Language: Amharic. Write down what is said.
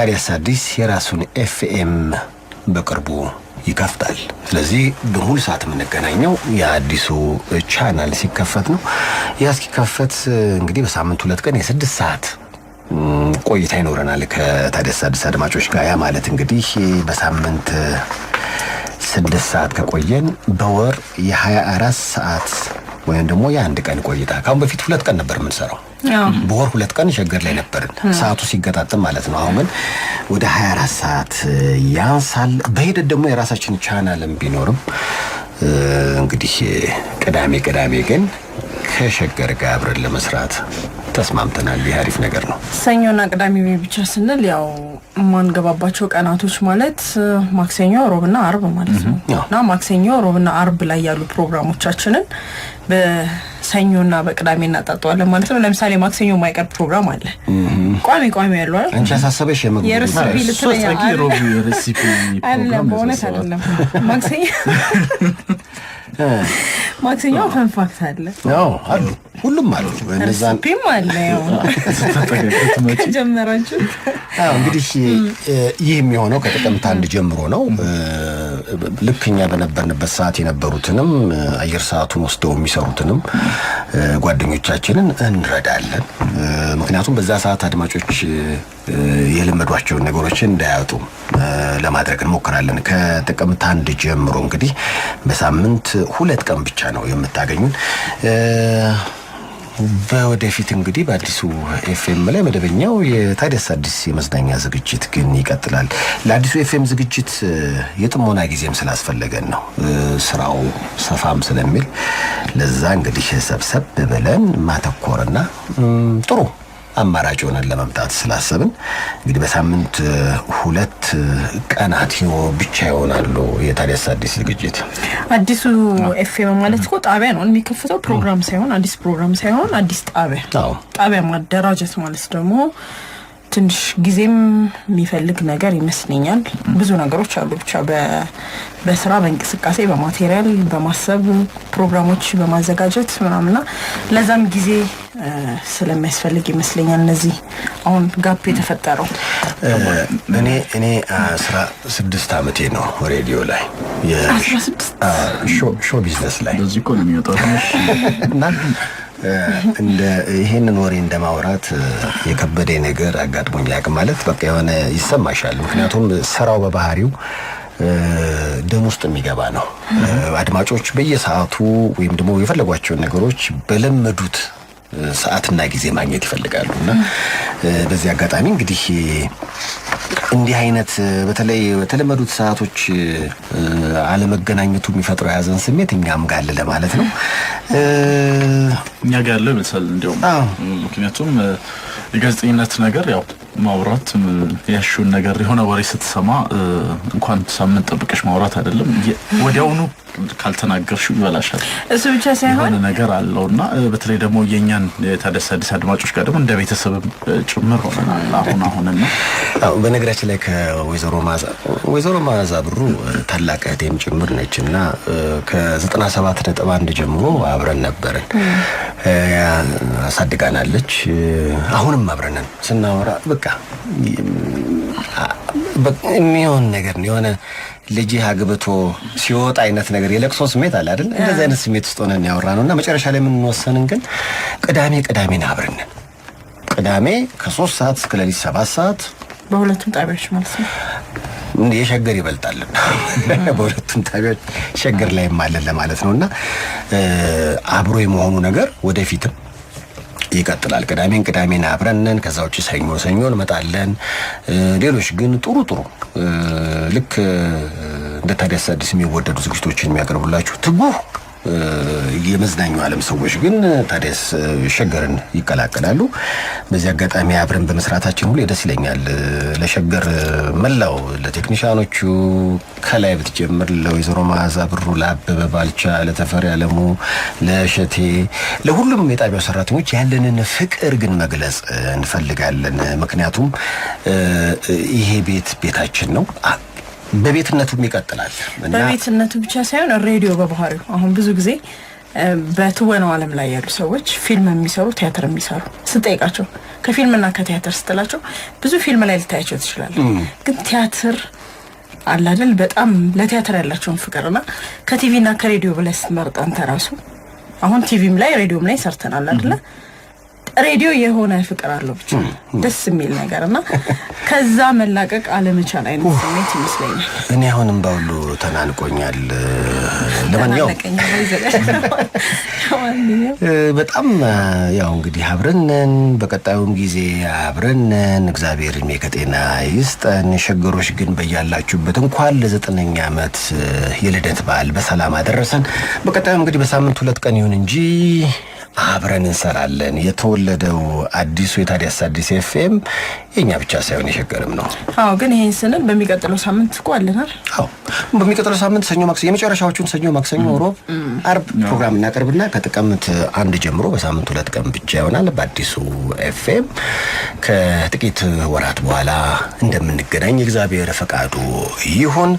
ታዲያስ አዲስ የራሱን ኤፍኤም በቅርቡ ይከፍታል። ስለዚህ በሙሉ ሰዓት የምንገናኘው የአዲሱ ቻናል ሲከፈት ነው። ያ እስኪከፈት እንግዲህ በሳምንት ሁለት ቀን የስድስት ሰዓት ቆይታ ይኖረናል ከታዲያስ አዲስ አድማጮች ጋር። ያ ማለት እንግዲህ በሳምንት ስድስት ሰዓት ከቆየን በወር የሀያ አራት ሰዓት ወይም ደግሞ የአንድ ቀን ቆይታ ካሁን በፊት ሁለት ቀን ነበር የምንሰራው። በወር ሁለት ቀን ሸገር ላይ ነበርን፣ ሰዓቱ ሲገጣጠም ማለት ነው። አሁን ግን ወደ 24 ሰዓት ያንሳል። በሂደት ደግሞ የራሳችን ቻናልም ቢኖርም እንግዲህ ቅዳሜ ቅዳሜ ግን ከሸገር ጋር አብረን ለመስራት ተስማምተናል። ይህ አሪፍ ነገር ነው። ሰኞና ቅዳሜ ብቻ ስንል ያው የማንገባባቸው ቀናቶች ማለት ማክሰኞ፣ ሮብና አርብ ማለት ነው እና ማክሰኞ፣ ሮብና አርብ ላይ ያሉ ፕሮግራሞቻችንን በሰኞና በቅዳሜ እናጣጠዋለን ማለት ነው። ለምሳሌ ማክሰኞ የማይቀር ፕሮግራም አለ። ቋሚ ቋሚ ያሉ አንቺ አሳሰበሽ የረሲፒ አለ። በእውነት አይደለም ማክሰኞ ማክሰኞ ፈንፋክት አለ አሉ ሁሉም አሉ። በነዛም አለ እንግዲህ ይህ የሚሆነው ከጥቅምት አንድ ጀምሮ ነው። ልክኛ በነበርንበት ሰዓት የነበሩትንም አየር ሰዓቱን ወስደው የሚሰሩትንም ጓደኞቻችንን እንረዳለን። ምክንያቱም በዛ ሰዓት አድማጮች የለመዷቸውን ነገሮች እንዳያጡ ለማድረግ እንሞክራለን። ከጥቅምት አንድ ጀምሮ እንግዲህ በሳምንት ሁለት ቀን ብቻ ነው የምታገኙን። በወደፊት እንግዲህ በአዲሱ ኤፍኤም ላይ መደበኛው የታዲያስ አዲስ የመዝናኛ ዝግጅት ግን ይቀጥላል። ለአዲሱ ኤፍኤም ዝግጅት የጥሞና ጊዜም ስላስፈለገን ነው፣ ስራው ሰፋም ስለሚል ለዛ እንግዲህ ሰብሰብ ብለን ማተኮርና ጥሩ አማራጭ ሆነን ለመምጣት ስላሰብን እንግዲህ በሳምንት ሁለት ቀናት ብቻ ይሆናሉ። የታዲያስ አዲስ ዝግጅት አዲሱ ኤፍኤም ማለት እኮ ጣቢያ ነው የሚከፍተው ፕሮግራም ሳይሆን አዲስ ፕሮግራም ሳይሆን አዲስ ጣቢያ ጣቢያ ማደራጀት ማለት ደግሞ ትንሽ ጊዜም የሚፈልግ ነገር ይመስለኛል። ብዙ ነገሮች አሉ። ብቻ በስራ በእንቅስቃሴ፣ በማቴሪያል፣ በማሰብ ፕሮግራሞች በማዘጋጀት ምናምና ለዛም ጊዜ ስለሚያስፈልግ ይመስለኛል እነዚህ አሁን ጋፕ የተፈጠረው። እኔ እኔ አስራ ስድስት አመቴ ነው ሬዲዮ ላይ ሾ ቢዝነስ ላይ እና እንደ ይሄንን ወሬ እንደማውራት የከበደ ነገር አጋጥሞኝ ያቅ ማለት በቃ የሆነ ይሰማሻል። ምክንያቱም ስራው በባህሪው ደም ውስጥ የሚገባ ነው። አድማጮች በየሰዓቱ ወይም ደግሞ የፈለጓቸውን ነገሮች በለመዱት ሰዓትና ጊዜ ማግኘት ይፈልጋሉ እና በዚህ አጋጣሚ እንግዲህ እንዲህ አይነት በተለይ በተለመዱት ሰዓቶች አለመገናኘቱ የሚፈጥረው የያዘን ስሜት እኛም ጋለ ለማለት ነው። እኛ ጋለ ያለው እንዲሁም ምክንያቱም የጋዜጠኝነት ነገር ያው ማውራት ያሹን ነገር የሆነ ወሬ ስትሰማ እንኳን ሳምንት ጠብቀሽ ማውራት አይደለም፣ ወዲያውኑ ካልተናገርሽ ይበላሻል። እሱ ብቻ ሳይሆን ነገር አለው እና በተለይ ደግሞ የእኛን የታደሰ አዲስ አድማጮች ጋር ደግሞ እንደ ቤተሰብም ጭምር ሆነናል። አሁን አሁን ና በነገራችን ላይ ከወይዘሮ ማዛ ወይዘሮ ማዛ ብሩ ታላቅ እህቴም ጭምር ነች እና ከዘጠና ሰባት ነጥብ አንድ ጀምሮ አብረን ነበርን። አሳድጋናለች። አሁንም አብረን ስናወራ በቃ የሚሆን ነገር ነው። የሆነ ልጅ አግብቶ ሲወጣ አይነት ነገር የለቅሶ ስሜት አለ አይደል? እንደዚህ አይነት ስሜት ውስጥ ሆነን ያወራ ነው እና መጨረሻ ላይ የምንወሰንን ግን ቅዳሜ ቅዳሜን አብረን ቅዳሜ ከሶስት ሰዓት እስከ ሌሊት ሰባት ሰዓት በሁለቱም ጣቢያዎች ማለት ነው። እንዴ የሸገር ይበልጣል በሁለቱም ጣቢያዎች ሸገር ላይ ማለን ለማለት ነው እና አብሮ የመሆኑ ነገር ወደፊትም ይቀጥላል። ቅዳሜን ቅዳሜን አብረንን ከዛ ውጭ ሰኞ ሰኞ እንመጣለን። ሌሎች ግን ጥሩ ጥሩ ልክ እንደ ታዲያስ አዲስ የሚወደዱ ዝግጅቶችን የሚያቀርቡላችሁ ትጉህ የመዝናኙ ዓለም ሰዎች ግን ታዲያስ ሸገርን ይቀላቀላሉ። በዚህ አጋጣሚ አብረን በመስራታችን ሁሌ ደስ ይለኛል። ለሸገር መላው ለቴክኒሻኖቹ ከላይ ብትጀምር ለወይዘሮ መዓዛ ብሩ፣ ለአበበ ባልቻ፣ ለተፈሪ አለሙ፣ ለሸቴ፣ ለሁሉም የጣቢያው ሰራተኞች ያለንን ፍቅር ግን መግለጽ እንፈልጋለን። ምክንያቱም ይሄ ቤት ቤታችን ነው። በቤትነቱም ይቀጥላል። በቤትነቱ ብቻ ሳይሆን ሬዲዮ በባህሪው አሁን ብዙ ጊዜ በትወነው ዓለም ላይ ያሉ ሰዎች ፊልም የሚሰሩ ቲያትር የሚሰሩ ስጠይቃቸው ከፊልምና ከቲያትር ስትላቸው ብዙ ፊልም ላይ ልታያቸው ትችላለህ፣ ግን ቲያትር አለ አይደል? በጣም ለቲያትር ያላቸውን ፍቅርና ከቲቪና ከሬዲዮ በላይ ስትመርጥ አንተ ራሱ አሁን ቲቪም ላይ ሬዲዮም ላይ ሰርተናል አይደለ? ሬዲዮ የሆነ ፍቅር አለው ብቻ ደስ የሚል ነገር እና ከዛ መላቀቅ አለመቻል አይነት ስሜት ይመስለኛል። እኔ አሁንም በሁሉ ተናንቆኛል። ለማንኛውም በጣም ያው እንግዲህ አብረንን በቀጣዩም ጊዜ አብረንን እግዚአብሔር እድሜ ከጤና ይስጠን። ሸገሮች ግን በያላችሁበት እንኳን ለዘጠነኛ ዓመት የልደት በዓል በሰላም አደረሰን። በቀጣዩም እንግዲህ በሳምንት ሁለት ቀን ይሁን እንጂ አብረን እንሰራለን። የተወለደው አዲሱ የታዲያስ አዲስ ኤፍኤም የእኛ ብቻ ሳይሆን የሸገርም ነው። አዎ፣ ግን ይህን ስንል በሚቀጥለው ሳምንት እኮ አለናል። አዎ፣ በሚቀጥለው ሳምንት ሰኞ፣ ማክሰኞ የመጨረሻዎቹን ሰኞ፣ ማክሰኞ፣ ሮብ፣ አርብ ፕሮግራም እናቀርብና ከጥቅምት አንድ ጀምሮ በሳምንት ሁለት ቀን ብቻ ይሆናል በአዲሱ ኤፍኤም። ከጥቂት ወራት በኋላ እንደምንገናኝ እግዚአብሔር ፈቃዱ ይሁን።